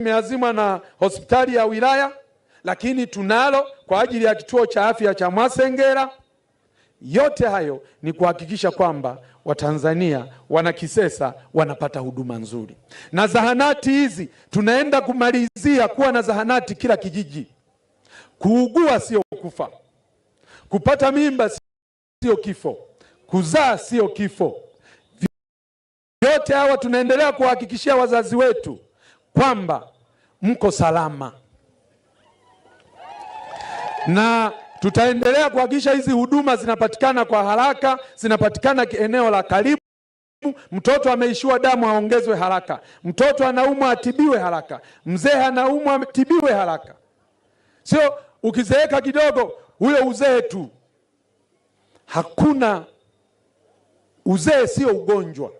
imeazimwa na hospitali ya wilaya, lakini tunalo kwa ajili ya kituo cha afya cha Mwasengera. Yote hayo ni kuhakikisha kwamba Watanzania wana Kisesa wanapata huduma nzuri, na zahanati hizi tunaenda kumalizia kuwa na zahanati kila kijiji. Kuugua sio kufa, kupata mimba sio kifo, kuzaa sio kifo. Vyote hawa tunaendelea kuwahakikishia wazazi wetu kwamba mko salama, na tutaendelea kuhakikisha hizi huduma zinapatikana kwa haraka, zinapatikana eneo la karibu. Mtoto ameishiwa damu aongezwe haraka, mtoto anaumwa atibiwe haraka, mzee anaumwa atibiwe haraka, sio ukizeeka kidogo ule uzee tu. Hakuna uzee, sio ugonjwa.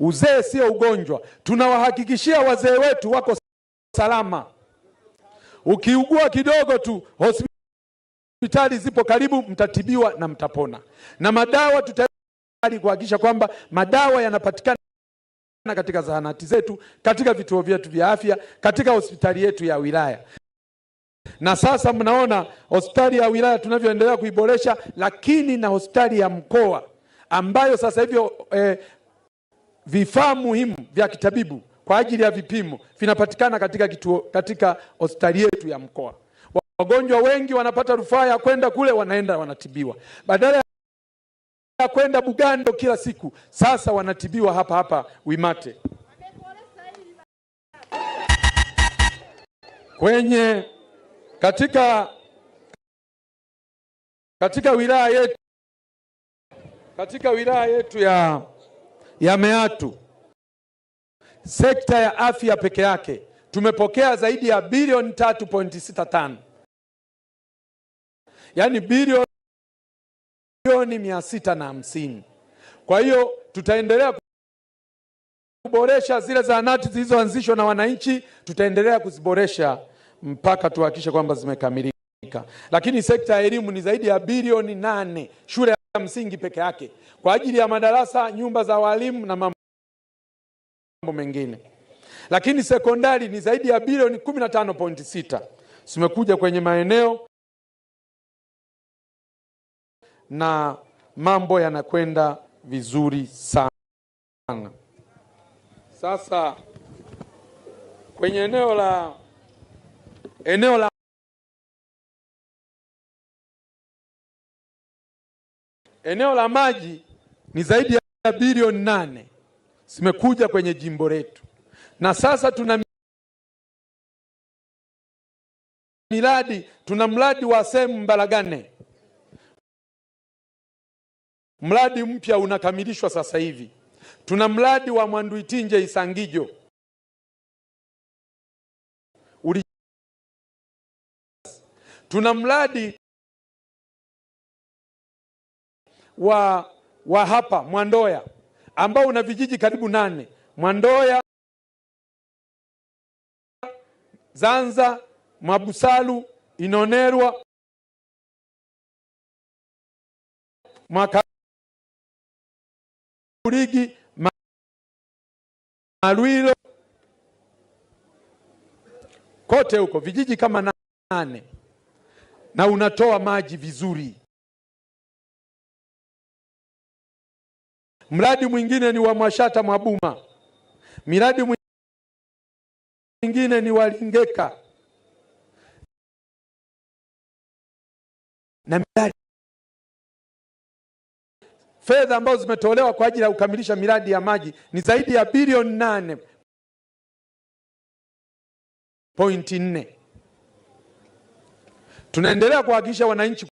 Uzee sio ugonjwa. Tunawahakikishia wazee wetu wako salama. Ukiugua kidogo tu, hospitali zipo karibu, mtatibiwa na mtapona, na madawa tutayari kuhakikisha kwamba madawa yanapatikana katika zahanati zetu, katika vituo vyetu vya afya, katika hospitali yetu ya wilaya. Na sasa mnaona hospitali ya wilaya tunavyoendelea kuiboresha, lakini na hospitali ya mkoa ambayo sasa hivyo eh, vifaa muhimu vya kitabibu kwa ajili ya vipimo vinapatikana katika kituo, katika hospitali yetu ya mkoa. Wagonjwa wengi wanapata rufaa ya kwenda kule, wanaenda wanatibiwa, badala ya kwenda Bugando kila siku, sasa wanatibiwa hapa hapa Wimate. Kwenye katika katika wilaya yetu katika wilaya yetu ya ya Meatu, sekta ya afya peke yake tumepokea zaidi ya bilioni 3.65, yaani bilioni hamsini Kwa hiyo tutaendelea kuboresha zile zahanati zilizoanzishwa na wananchi, tutaendelea kuziboresha mpaka tuhakikishe kwamba zimekamilika. Lakini sekta ya elimu ni zaidi ya bilioni nane shule msingi peke yake kwa ajili ya madarasa, nyumba za walimu na mambo mengine, lakini sekondari ni zaidi ya bilioni 15.6. Zimekuja kwenye maeneo na mambo yanakwenda vizuri sana. Sasa kwenye eneo la eneo la eneo la maji ni zaidi ya bilioni nane zimekuja kwenye jimbo letu, na sasa tuna miradi, tuna mradi wa sehemu Mbalagane, mradi mpya unakamilishwa sasa hivi. Tuna mradi wa Mwanduitinje Isangijo tuna mradi wa, wa hapa Mwandoya ambao una vijiji karibu nane: Mwandoya, Zanza, Mwabusalu, Inonerwa, Mwakarigi, Malwilo, kote huko vijiji kama nane, na unatoa maji vizuri. Mradi mwingine ni wa Mwashata Mwabuma, miradi mwingine ni wa Lingeka na miradi fedha ambazo zimetolewa kwa ajili ya kukamilisha miradi ya maji ni zaidi ya bilioni nane pointi nne. Tunaendelea kuhakikisha wananchi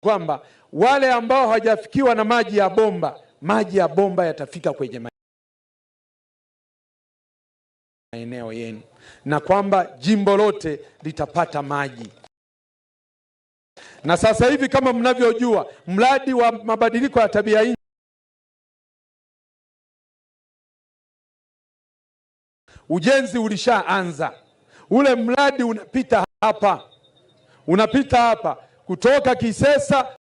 kwamba wale ambao hawajafikiwa na maji ya bomba, maji ya bomba yatafika kwenye maeneo yenu, na kwamba jimbo lote litapata maji. Na sasa hivi kama mnavyojua, mradi wa mabadiliko ya tabia ujenzi ulishaanza. Ule mradi unapita hapa, unapita hapa kutoka Kisesa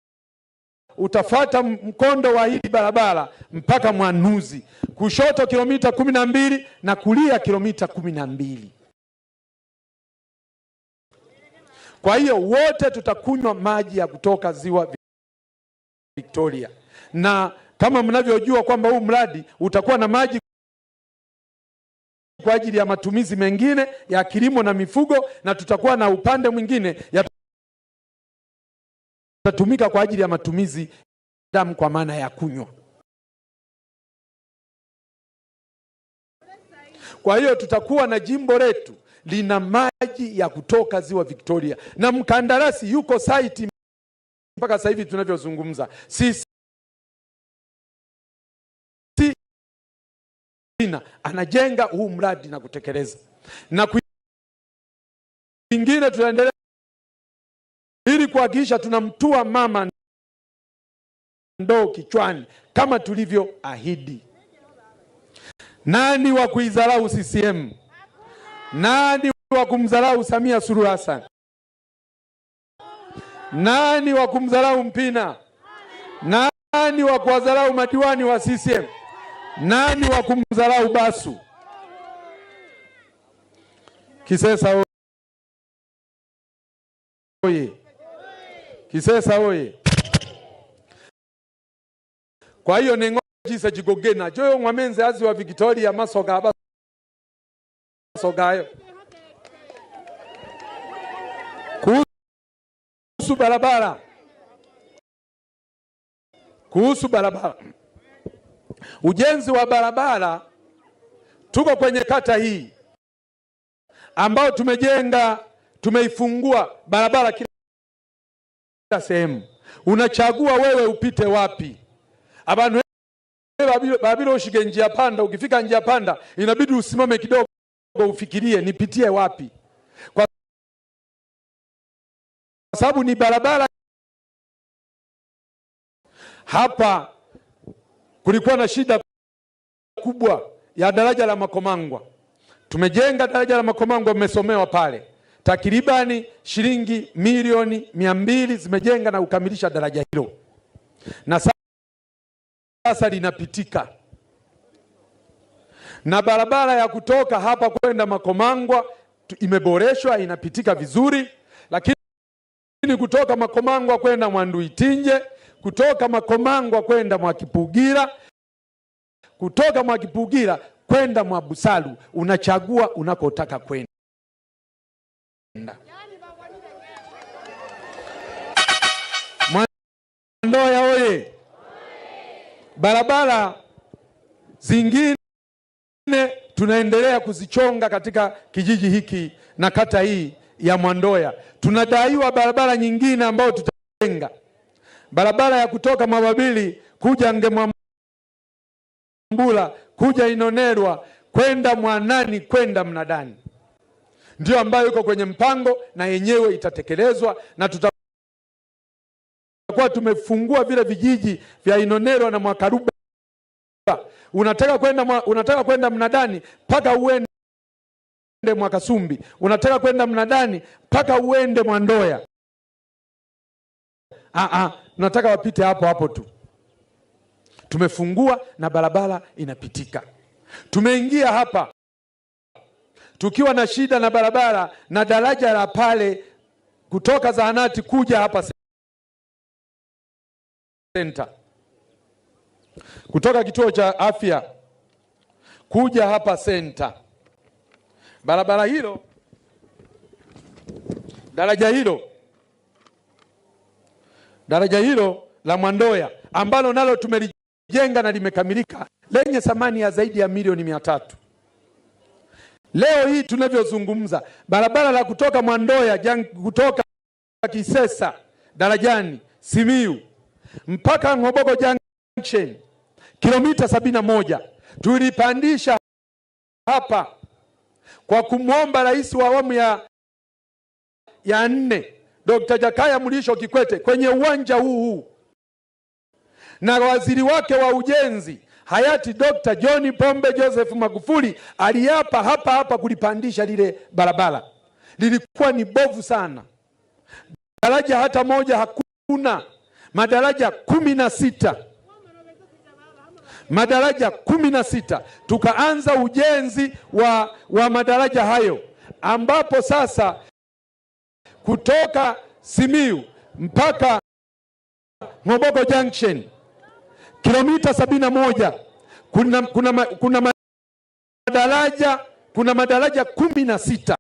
utafata mkondo wa hii barabara mpaka Mwanuzi, kushoto kilomita kumi na mbili na kulia kilomita kumi na mbili. Kwa hiyo wote tutakunywa maji ya kutoka ziwa Victoria, na kama mnavyojua kwamba huu mradi utakuwa na maji kwa ajili ya matumizi mengine ya kilimo na mifugo, na tutakuwa na upande mwingine ya tatumika kwa ajili ya matumizi damu, kwa maana ya kunywa. Kwa hiyo tutakuwa na jimbo letu lina maji ya kutoka ziwa Victoria, na mkandarasi yuko site mpaka sasa hivi tunavyozungumza, sisi anajenga huu mradi na kutekeleza na kwingine tunaendelea ili kuhakikisha tunamtua mama ndoo kichwani kama tulivyoahidi. Nani wa kuidharau CCM? Nani wa kumdharau Samia Suluhu Hassan? Nani wa kumdharau Mpina? Nani wa kuwadharau madiwani wa CCM? Nani wa kumdharau Basu? Kisesa oye! Kisesa oye! Kwa hiyo nengo jise jigogena. Joyo mwamenze azi wa Victoria masoga aba sogayo kuhusu barabara, kuhusu barabara, ujenzi wa barabara. Tuko kwenye kata hii Ambao tumejenga tumeifungua barabara kila sehemu unachagua wewe upite wapi. Abantu babilo ushike njia panda, ukifika njia panda inabidi usimame kidogo ufikirie nipitie wapi, kwa sababu ni barabara. Hapa kulikuwa na shida kubwa ya daraja la Makomangwa. Tumejenga daraja la Makomangwa, mmesomewa pale takribani shilingi milioni mia mbili zimejenga na kukamilisha daraja hilo, na sasa linapitika na barabara ya kutoka hapa kwenda Makomangwa imeboreshwa, inapitika vizuri, lakini kutoka Makomangwa kwenda Mwanduitinje, kutoka Makomangwa kwenda Mwakipugira, kutoka Mwakipugira kwenda Mwabusalu, unachagua unakotaka kwenda. Mwandoya oye! Barabara zingine tunaendelea kuzichonga katika kijiji hiki na kata hii ya Mwandoya. Tunadaiwa barabara nyingine ambayo tutajenga, barabara ya kutoka Mwababili kuja Ngemwambura kuja Inonerwa kwenda Mwanani kwenda Mnadani ndio ambayo iko kwenye mpango na yenyewe itatekelezwa na tutakuwa tumefungua vile vijiji vya Inonerwa na Mwakaruba. Unataka kwenda unataka kwenda mnadani mpaka uende Mwakasumbi, unataka kwenda mnadani mpaka uende Mwandoya. ah, ah unataka wapite hapo hapo tu. Tumefungua na barabara inapitika. Tumeingia hapa tukiwa na shida na barabara na daraja la pale kutoka zahanati kuja hapa senta, kutoka kituo cha afya kuja hapa senta, barabara hilo daraja hilo daraja hilo la Mwandoya ambalo nalo tumelijenga na limekamilika lenye thamani ya zaidi ya milioni mia tatu. Leo hii tunavyozungumza, barabara la kutoka Mwandoya jang, kutoka Kisesa darajani Simiu mpaka Ngobogo Junction kilomita sabini na moja tulipandisha hapa kwa kumwomba rais wa awamu ya, ya nne Dr. Jakaya Mrisho Kikwete kwenye uwanja huu huu na waziri wake wa ujenzi hayati Dr. John Pombe Joseph Magufuli aliapa hapa hapa kulipandisha lile barabara, lilikuwa ni bovu sana, daraja hata moja hakuna, madaraja kumi na sita madaraja kumi na sita tukaanza ujenzi wa, wa madaraja hayo ambapo sasa kutoka simiu mpaka Mwoboko Junction kilomita sabini na moja kuna, kuna, kuna madaraja kuna madaraja kumi na sita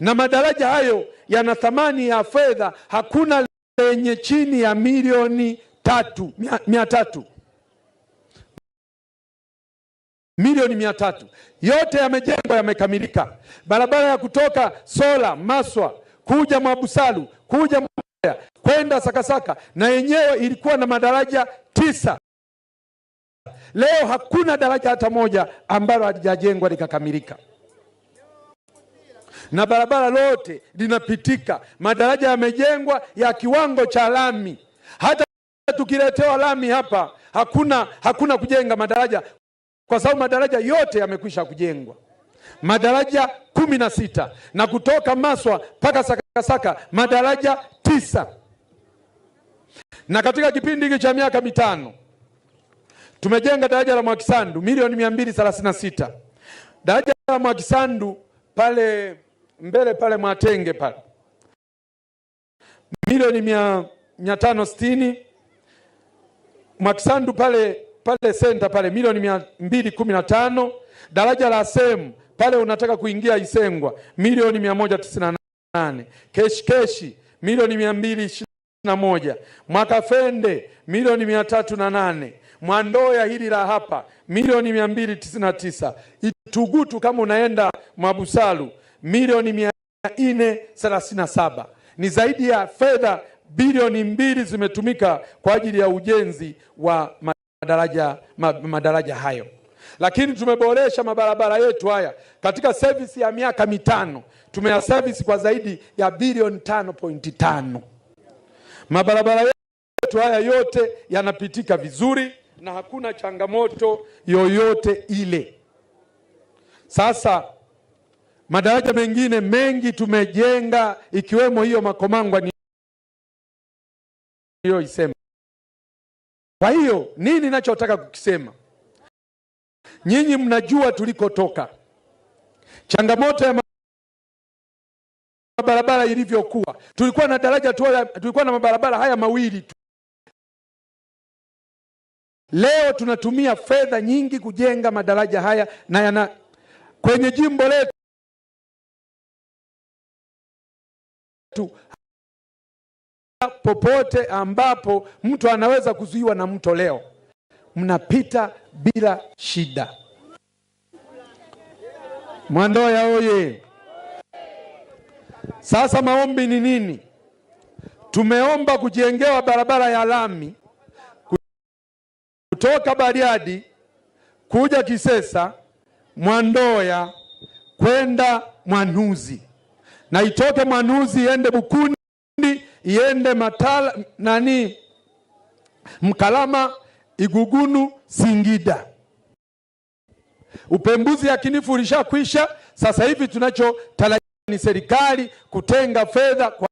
na madaraja hayo yana thamani ya fedha hakuna lenye chini ya milioni tatu, mia, mia tatu milioni mia tatu. Yote yamejengwa yamekamilika, barabara ya kutoka Sola Maswa kuja Mwabusalu kuja kwenda Sakasaka na yenyewe ilikuwa na madaraja tisa. Leo hakuna daraja hata moja ambalo halijajengwa likakamilika, na barabara lote linapitika. Madaraja yamejengwa ya kiwango cha lami. Hata tukiletewa lami hapa hakuna, hakuna kujenga madaraja kwa sababu madaraja yote yamekwisha kujengwa, madaraja kumi na sita na kutoka Maswa mpaka Sakasaka madaraja tisa. Na katika kipindi hiki cha miaka mitano tumejenga daraja la Mwakisandu milioni mia mbili thelathini na sita. Daraja la Mwakisandu pale mbele pale Mwatenge pale milioni mia tano sitini. Mwakisandu pale pale senta pale milioni mia mbili kumi na tano. Daraja la sehemu pale unataka kuingia Isengwa milioni mia moja tisini na nane. Keshikeshi milioni mia mbili na moja Mwakafende milioni mia tatu na nane Mwandoya hili la hapa milioni mia mbili tisini na tisa Itugutu kama unaenda Mwabusalu milioni mia nne thelathini na saba Ni zaidi ya fedha bilioni mbili zimetumika kwa ajili ya ujenzi wa madaraja, madaraja hayo lakini tumeboresha mabarabara yetu haya katika service ya miaka mitano tumeya service kwa zaidi ya bilioni tano pointi tano. Mabarabara yetu haya yote yanapitika vizuri na hakuna changamoto yoyote ile. Sasa madaraja mengine mengi tumejenga ikiwemo hiyo Makomangwa niyoisema Kwa hiyo nini ninachotaka kukisema, nyinyi mnajua tulikotoka, changamoto ya barabara ilivyokuwa. Tulikuwa na daraja tu, tulikuwa na mabarabara haya mawili tu. Leo tunatumia fedha nyingi kujenga madaraja haya na yana kwenye jimbo letu popote ambapo mtu anaweza kuzuiwa na mto, leo mnapita bila shida. Mwandoya oye! Sasa maombi ni nini? Tumeomba kujengewa barabara ya lami kutoka Bariadi kuja Kisesa, Mwandoya kwenda Mwanuzi na itoke Mwanuzi iende bukundi iende Matala nani Mkalama Igugunu Singida. Upembuzi yakinifu ulishakwisha. Sasa hivi tunachotarajia ni serikali kutenga fedha kwa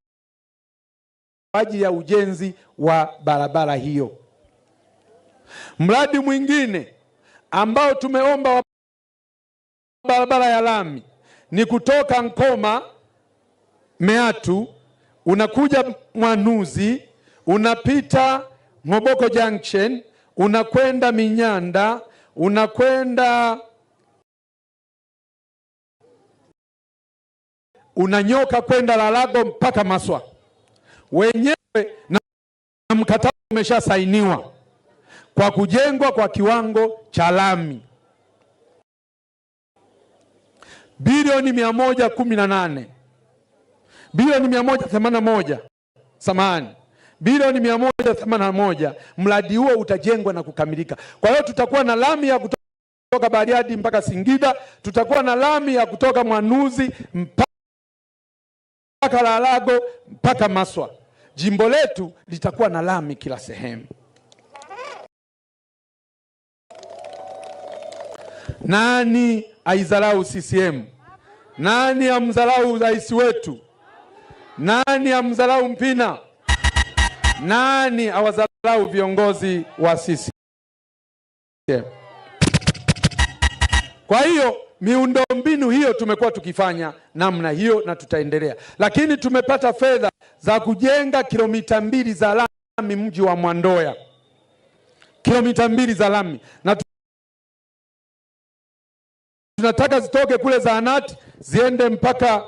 ajili ya ujenzi wa barabara hiyo. Mradi mwingine ambao tumeomba wa barabara ya lami ni kutoka Nkoma Meatu, unakuja Mwanuzi, unapita Ng'oboko Junction, unakwenda Minyanda, unakwenda unanyoka kwenda Lalago mpaka Maswa wenyewe na mkataba umeshasainiwa kwa kujengwa kwa kiwango cha lami bilioni mia moja kumi na nane bilioni mia moja themanini na moja samahani bilioni mia moja themanini na moja mradi huo utajengwa na kukamilika. Kwa hiyo tutakuwa na lami ya kutoka Bariadi mpaka Singida, tutakuwa na lami ya kutoka Mwanuzi mpaka mpaka Lalago mpaka Maswa. Jimbo letu litakuwa na lami kila sehemu. Nani aidharau CCM? Nani amdharau rais wetu? Nani amdharau Mpina? Nani awadharau viongozi wa CCM? Kwa hiyo miundombinu hiyo tumekuwa tukifanya namna hiyo na tutaendelea, lakini tumepata fedha za kujenga kilomita mbili za lami mji wa Mwandoya, kilomita mbili za lami na tunataka zitoke kule zahanati ziende mpaka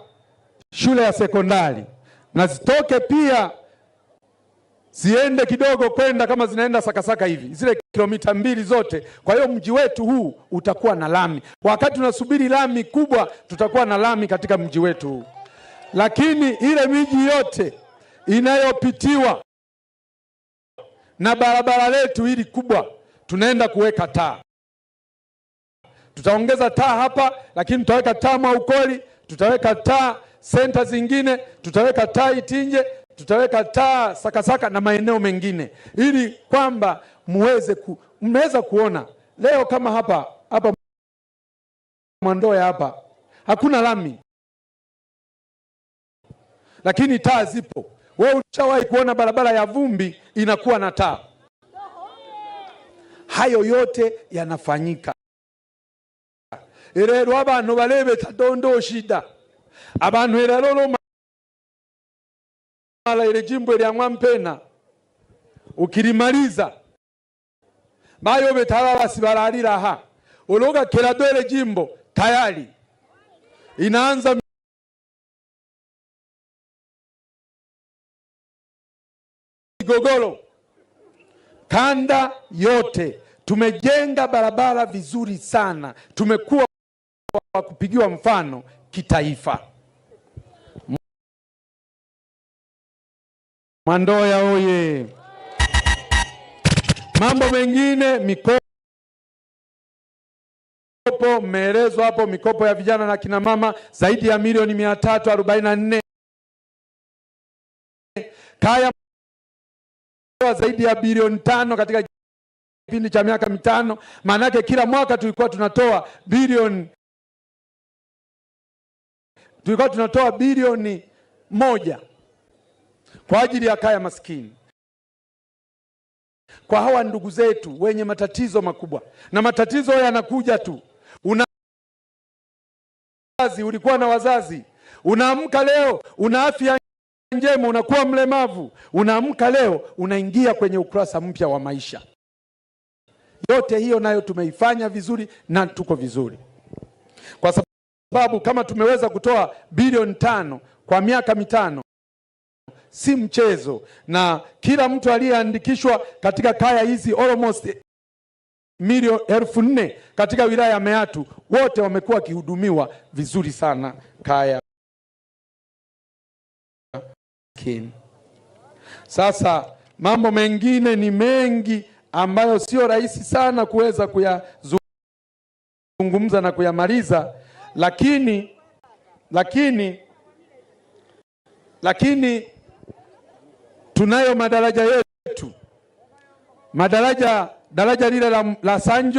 shule ya sekondari na zitoke pia ziende kidogo kwenda kama zinaenda sakasaka hivi zile kilomita mbili zote. Kwa hiyo mji wetu huu utakuwa na lami. Wakati tunasubiri lami kubwa, tutakuwa na lami katika mji wetu huu, lakini ile miji yote inayopitiwa na barabara letu hili kubwa, tunaenda kuweka taa. Tutaongeza taa hapa, lakini tutaweka taa Mwaukoli, tutaweka taa senta zingine, tutaweka taa Itinje tutaweka taa Sakasaka na maeneo mengine, ili kwamba muweze ku, mnaweza kuona leo kama hapa hapa Mwandoya hapa hakuna lami, lakini taa zipo. Wewe ulishawahi kuona barabara ya vumbi inakuwa na taa? Hayo yote yanafanyika ilelo abantu barebeta dondo shida abantu rero mara ile jimbo lya Mwampena ukilimaliza bayo betaba basi baralira uloga kelado ile jimbo tayari inaanza migogoro kanda yote. Tumejenga barabara vizuri sana, tumekuwa wa kupigiwa mfano kitaifa. Mwandoya oye! Mambo mengine mikopo, mmeelezwa hapo mikopo ya vijana na kina mama zaidi ya milioni mia tatu arobaini na nne kaya zaidi ya bilioni tano katika kipindi cha miaka mitano. Maanake kila mwaka tulikuwa tunatoa bilioni tulikuwa tunatoa bilioni moja kwa ajili ya kaya maskini, kwa hawa ndugu zetu wenye matatizo makubwa, na matatizo yanakuja tu. Una wazazi, ulikuwa na wazazi, unaamka leo una afya njema, unakuwa mlemavu, unaamka leo unaingia kwenye ukurasa mpya wa maisha. Yote hiyo nayo tumeifanya vizuri na tuko vizuri, kwa sababu kama tumeweza kutoa bilioni tano kwa miaka mitano si mchezo, na kila mtu aliyeandikishwa katika kaya hizi almost milioni elfu nne katika wilaya ya Meatu wote wamekuwa wakihudumiwa vizuri sana kaya Sasa mambo mengine ni mengi ambayo sio rahisi sana kuweza kuyazungumza na kuyamaliza, lakini lakini lakini Tunayo madaraja yetu, madaraja daraja lile la, la Sanjo,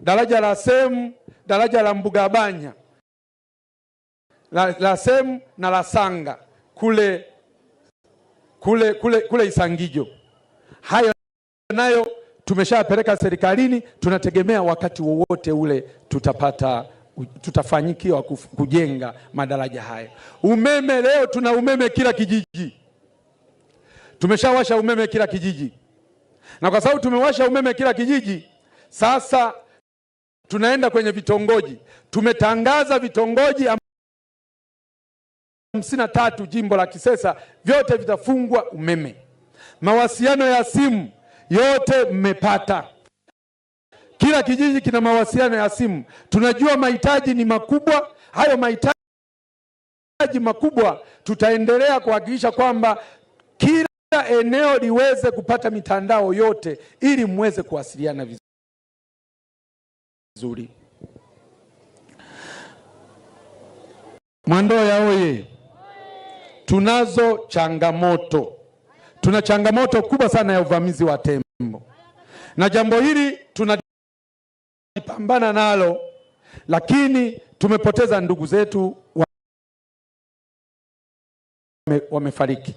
daraja la Semu, daraja la Mbugabanya la, la Semu na la Sanga kule, kule, kule, kule Isangijo. Hayo nayo tumeshapeleka serikalini, tunategemea wakati wowote ule tutapata tutafanyikiwa kujenga madaraja hayo Umeme leo tuna umeme kila kijiji. Tumeshawasha umeme kila kijiji, na kwa sababu tumewasha umeme kila kijiji, sasa tunaenda kwenye vitongoji. Tumetangaza vitongoji hamsini na tatu jimbo la Kisesa, vyote vitafungwa umeme. Mawasiliano ya simu yote mmepata, kila kijiji kina mawasiliano ya simu. Tunajua mahitaji ni makubwa, hayo mahitaji makubwa tutaendelea kuhakikisha kwamba kila eneo liweze kupata mitandao yote ili muweze kuwasiliana vizuri. Mwandoya oye! Tunazo changamoto, tuna changamoto kubwa sana ya uvamizi wa tembo, na jambo hili tunapambana nalo, lakini tumepoteza ndugu zetu wame, wamefariki.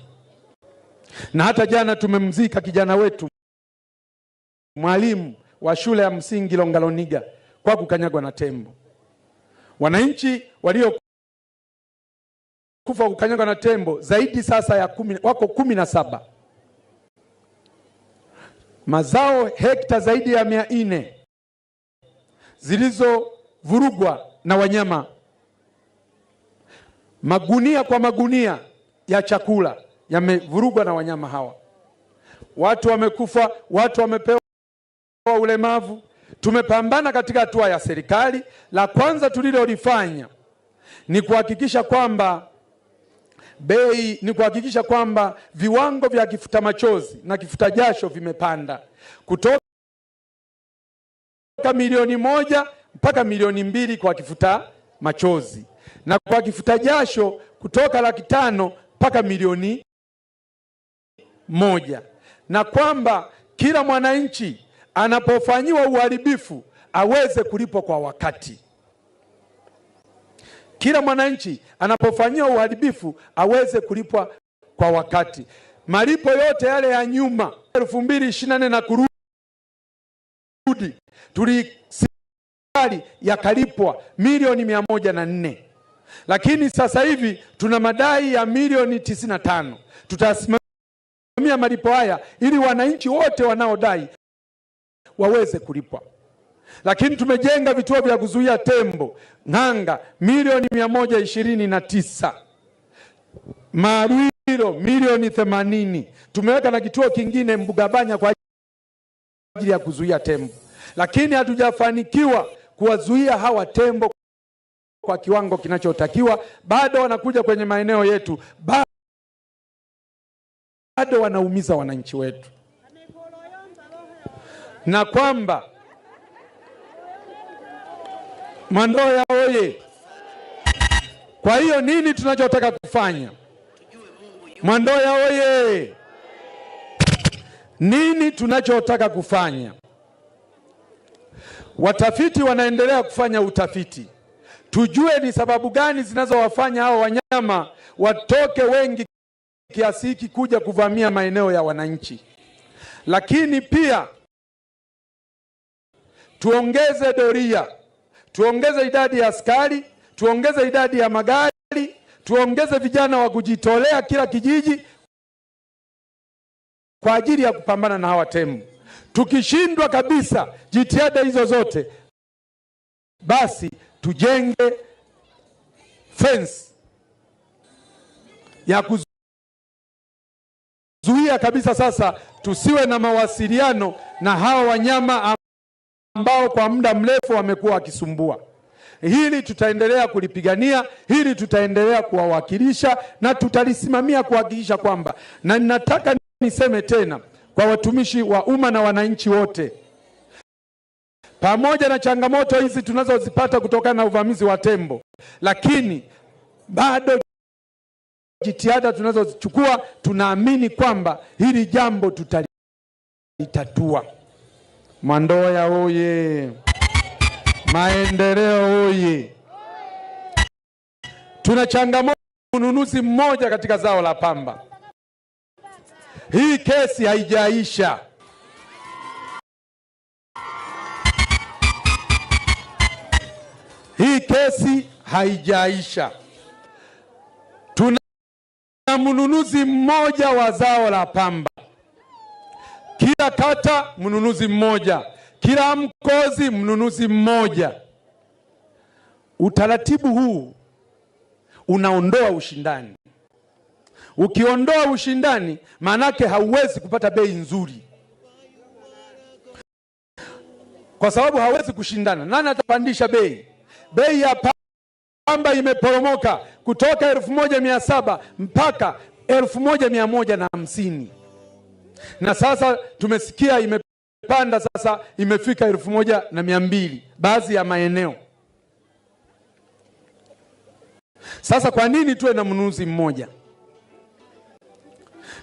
Na hata jana tumemzika kijana wetu mwalimu wa shule ya msingi Longaloniga kwa kukanyagwa na tembo. Wananchi walio kufa kukanyagwa na tembo zaidi sasa ya kumi, wako kumi na saba. Mazao hekta zaidi ya mia nne zilizovurugwa na wanyama, magunia kwa magunia ya chakula yamevurugwa na wanyama hawa. Watu wamekufa, watu wamepewa ulemavu. Tumepambana katika hatua ya serikali. La kwanza tulilolifanya ni kuhakikisha kwamba bei ni kuhakikisha kwamba viwango vya kifuta machozi na kifuta jasho vimepanda kutoka milioni moja mpaka milioni mbili kwa kifuta machozi na kwa kifuta jasho kutoka laki tano mpaka milioni moja, na kwamba kila mwananchi anapofanyiwa uharibifu aweze kulipwa kwa wakati. Kila mwananchi anapofanyiwa uharibifu aweze kulipwa kwa wakati. Malipo yote yale ya nyuma elfu mbili ishirini na nne na kurudi tuliserikali yakalipwa milioni mia moja na nne lakini sasa hivi tuna madai ya milioni tisini na tano tutasimama a malipo haya ili wananchi wote wanaodai waweze kulipwa. Lakini tumejenga vituo vya kuzuia tembo nanga milioni mia moja ishirini na tisa Marwiro milioni themanini Tumeweka na kituo kingine Mbugabanya kwa ajili ya kuzuia tembo, lakini hatujafanikiwa kuwazuia hawa tembo kwa kiwango kinachotakiwa. Bado wanakuja kwenye maeneo yetu ba bado wanaumiza wananchi wetu, na kwamba Mandoya oye! Kwa hiyo nini tunachotaka kufanya? Mandoya oye! Nini tunachotaka kufanya? Watafiti wanaendelea kufanya utafiti, tujue ni sababu gani zinazowafanya hao wanyama watoke wengi kiasi hiki kuja kuvamia maeneo ya wananchi, lakini pia tuongeze doria, tuongeze idadi ya askari, tuongeze idadi ya magari, tuongeze vijana wa kujitolea kila kijiji kwa ajili ya kupambana na hawa tembo. Tukishindwa kabisa jitihada hizo zote, basi tujenge fence ya zuia kabisa sasa tusiwe na mawasiliano na hawa wanyama ambao kwa muda mrefu wamekuwa wakisumbua. Hili tutaendelea kulipigania, hili tutaendelea kuwawakilisha na tutalisimamia kuhakikisha kwamba, na ninataka niseme tena kwa watumishi wa umma na wananchi wote, pamoja na changamoto hizi tunazozipata kutokana na uvamizi wa tembo, lakini bado Jitihada tunazozichukua tunaamini kwamba hili jambo tutalitatua. Mwandoya oye! Maendeleo oye! Tuna changamoto mnunuzi mmoja katika zao la pamba. Hii kesi haijaisha. Hii kesi haijaisha mnunuzi mmoja wa zao la pamba. Kila kata mnunuzi mmoja, kila mkozi mnunuzi mmoja. Utaratibu huu unaondoa ushindani. Ukiondoa ushindani, maanake hauwezi kupata bei nzuri, kwa sababu hawezi kushindana. Nani atapandisha bei? Bei ya kwamba imeporomoka kutoka elfu moja mia saba mpaka elfu moja mia moja na hamsini na sasa tumesikia imepanda sasa imefika elfu moja na mia mbili baadhi ya maeneo. Sasa kwa nini tuwe na mnunuzi mmoja?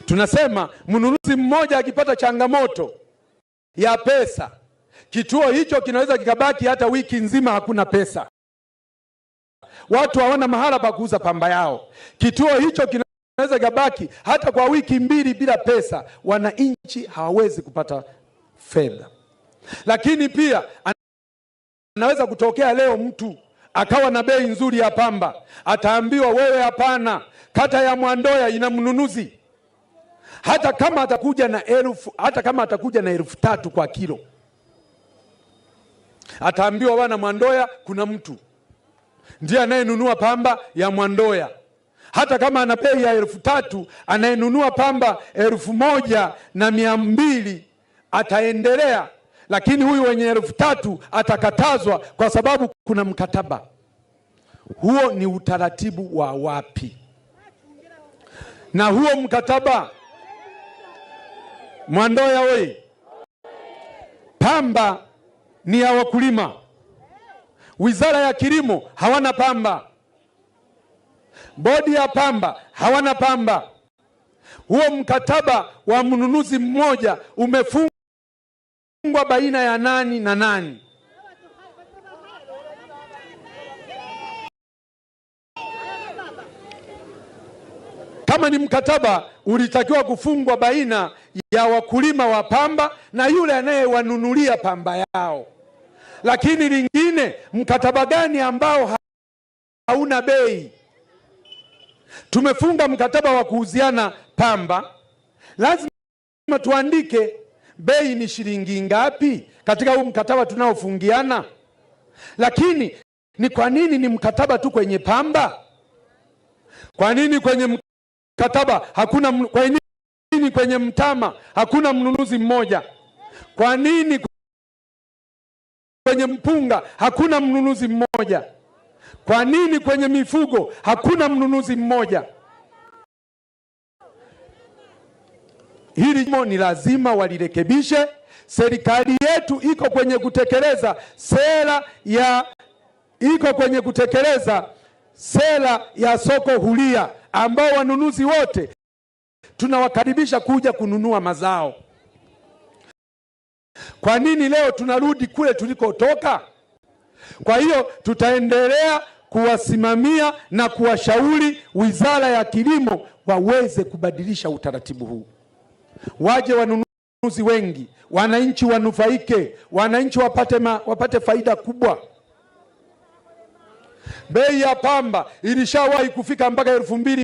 Tunasema mnunuzi mmoja akipata changamoto ya pesa, kituo hicho kinaweza kikabaki hata wiki nzima hakuna pesa watu hawana mahala pa kuuza pamba yao. Kituo hicho kinaweza kabaki hata kwa wiki mbili bila pesa, wananchi hawawezi kupata fedha. Lakini pia anaweza kutokea leo mtu akawa na bei nzuri ya pamba, ataambiwa wewe, hapana, kata ya Mwandoya ina mnunuzi. Hata kama atakuja na elfu, hata kama atakuja na elfu tatu kwa kilo, ataambiwa wana Mwandoya kuna mtu ndiye anayenunua pamba ya Mwandoya. Hata kama ana bei ya elfu tatu, anayenunua pamba elfu moja na mia mbili ataendelea, lakini huyu wenye elfu tatu atakatazwa kwa sababu kuna mkataba huo. Ni utaratibu wa wapi? Na huo mkataba Mwandoya wei, pamba ni ya wakulima Wizara ya Kilimo hawana pamba, bodi ya pamba hawana pamba. Huo mkataba wa mnunuzi mmoja umefungwa baina ya nani na nani? Kama ni mkataba ulitakiwa kufungwa baina ya wakulima wa pamba na yule anayewanunulia pamba yao, lakini Mwingine, mkataba gani ambao hauna bei? Tumefunga mkataba wa kuuziana pamba, lazima tuandike bei ni shilingi ngapi katika huu mkataba tunaofungiana. Lakini ni kwa nini ni mkataba tu kwenye pamba? Kwa nini kwenye mkataba hakuna? Kwa nini kwenye mtama hakuna mnunuzi mmoja? Kwa nini kwenye mpunga hakuna mnunuzi mmoja? Kwa nini kwenye mifugo hakuna mnunuzi mmoja? Hili ni lazima walirekebishe. Serikali yetu iko kwenye kutekeleza sera ya iko kwenye kutekeleza sera ya soko huria, ambao wanunuzi wote tunawakaribisha kuja kununua mazao. Kwa nini leo tunarudi kule tulikotoka? Kwa hiyo tutaendelea kuwasimamia na kuwashauri Wizara ya Kilimo waweze kubadilisha utaratibu huu, waje wanunuzi wengi, wananchi wanufaike, wananchi wapate, ma, wapate faida kubwa. Bei ya pamba ilishawahi kufika mpaka elfu mbili